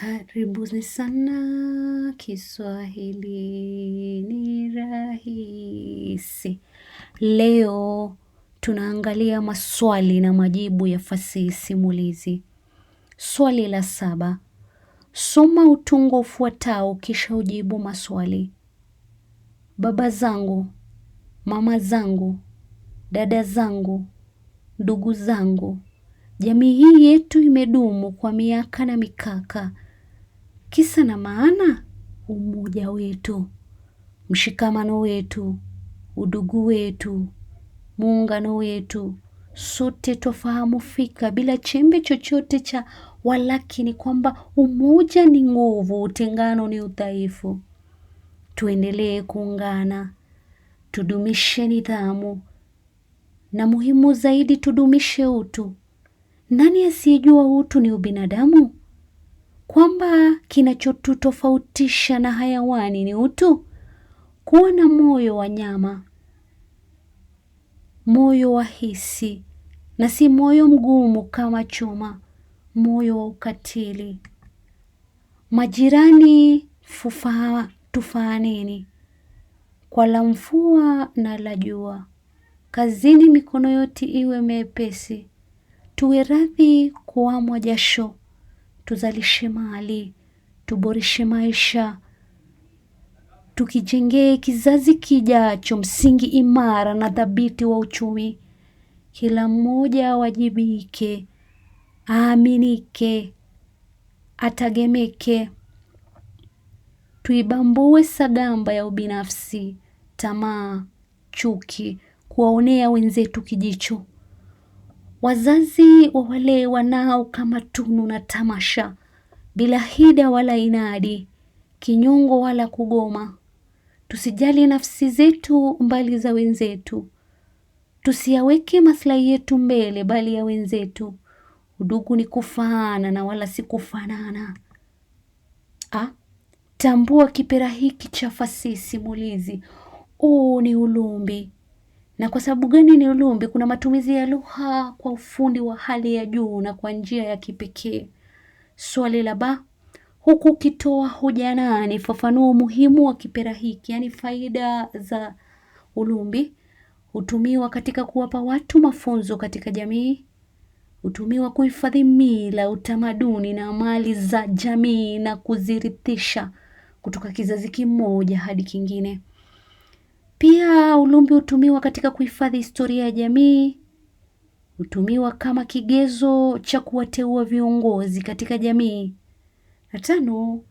Karibuni sana Kiswahili ni rahisi. Leo tunaangalia maswali na majibu ya fasihi simulizi. Swali la saba. Soma utungo ufuatao kisha ujibu maswali. Baba zangu, mama zangu, dada zangu, ndugu zangu. Jamii hii yetu imedumu kwa miaka na mikaka. Kisa na maana, umoja wetu, mshikamano wetu, udugu wetu, muungano wetu, sote twafahamu fika bila chembe chochote cha walakini kwamba umoja ni nguvu, utengano ni udhaifu. Tuendelee kuungana, tudumishe nidhamu, na muhimu zaidi, tudumishe utu. Nani asiyejua utu ni ubinadamu? kwamba kinachotutofautisha na hayawani ni utu, kuwa na moyo wa nyama, moyo wa hisi na si moyo mgumu kama chuma, moyo wa ukatili. Majirani fufaa, tufaanini kwa la mvua na la jua. Kazini mikono yote iwe mepesi, tuwe radhi kuamwa jasho tuzalishe mali, tuboreshe maisha, tukijengee kizazi kijacho msingi imara na thabiti wa uchumi. Kila mmoja awajibike, aaminike, atagemeke Tuibambue sadamba ya ubinafsi, tamaa, chuki, kuwaonea wenzetu kijicho. Wazazi wa wale wanao kama tunu na tamasha, bila hida wala inadi, kinyongo wala kugoma. Tusijali nafsi zetu mbali za wenzetu, tusiyaweke maslahi yetu mbele bali ya wenzetu. Udugu ni kufaana na wala si kufanana. A, tambua kipera hiki cha fasihi simulizi, huu ni ulumbi na kwa sababu gani ni ulumbi? Kuna matumizi ya lugha kwa ufundi wa hali ya juu na kwa njia ya kipekee. Swali la ba huku ukitoa hoja nani, fafanua umuhimu wa kipera hiki, yaani faida za ulumbi. Hutumiwa katika kuwapa watu mafunzo katika jamii, hutumiwa kuhifadhi mila, utamaduni na mali za jamii na kuzirithisha kutoka kizazi kimoja hadi kingine. Pia ulumbi hutumiwa katika kuhifadhi historia ya jamii, hutumiwa kama kigezo cha kuwateua viongozi katika jamii. Na tano,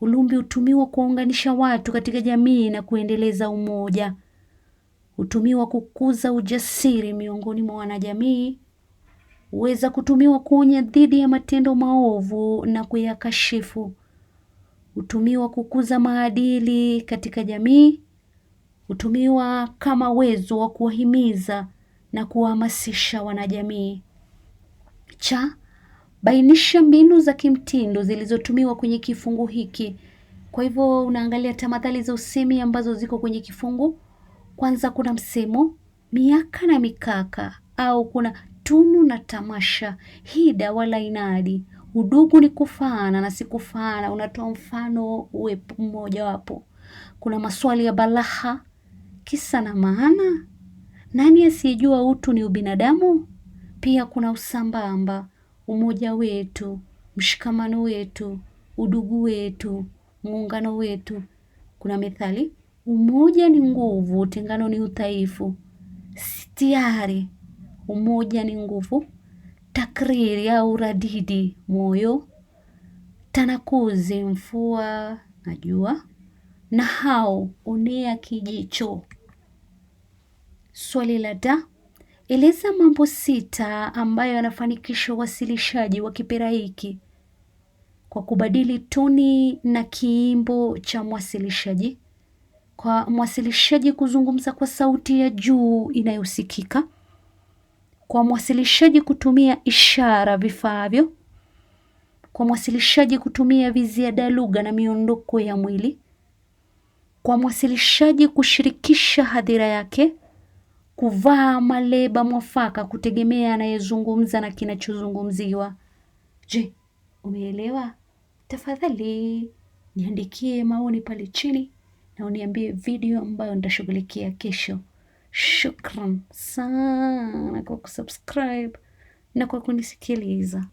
ulumbi hutumiwa kuwaunganisha watu katika jamii na kuendeleza umoja. Hutumiwa kukuza ujasiri miongoni mwa wanajamii. Huweza kutumiwa kuonya dhidi ya matendo maovu na kuyakashifu. Hutumiwa kukuza maadili katika jamii hutumiwa kama wezo wa kuwahimiza na kuwahamasisha wanajamii. Cha, bainisha mbinu za kimtindo zilizotumiwa kwenye kifungu hiki. Kwa hivyo unaangalia tamathali za usemi ambazo ziko kwenye kifungu. Kwanza kuna msemo miaka na mikaka, au kuna tunu na tamasha, hida wala inadi, udugu ni kufaana na si kufaana. Unatoa mfano uwepo mmojawapo. Kuna maswali ya balagha Kisa na maana, nani asiyejua utu ni ubinadamu? Pia kuna usambamba, umoja wetu, mshikamano wetu, udugu wetu, muungano wetu. Kuna methali, umoja ni nguvu, utengano ni udhaifu. Sitiari, umoja ni nguvu. Takriri au radidi, moyo. Tanakuzi, mfua, najua. Nahau, onea kijicho. Swali la da, eleza mambo sita ambayo yanafanikisha uwasilishaji wa kipera hiki kwa kubadili toni na kiimbo cha mwasilishaji, kwa mwasilishaji kuzungumza kwa sauti ya juu inayosikika, kwa mwasilishaji kutumia ishara vifaavyo, kwa mwasilishaji kutumia viziada lugha na miondoko ya mwili, kwa mwasilishaji kushirikisha hadhira yake, kuvaa maleba mwafaka kutegemea anayezungumza na kinachozungumziwa. Je, umeelewa? Tafadhali niandikie maoni pale chini na uniambie video ambayo nitashughulikia kesho. Shukran sana kwa kusubscribe na kwa kunisikiliza.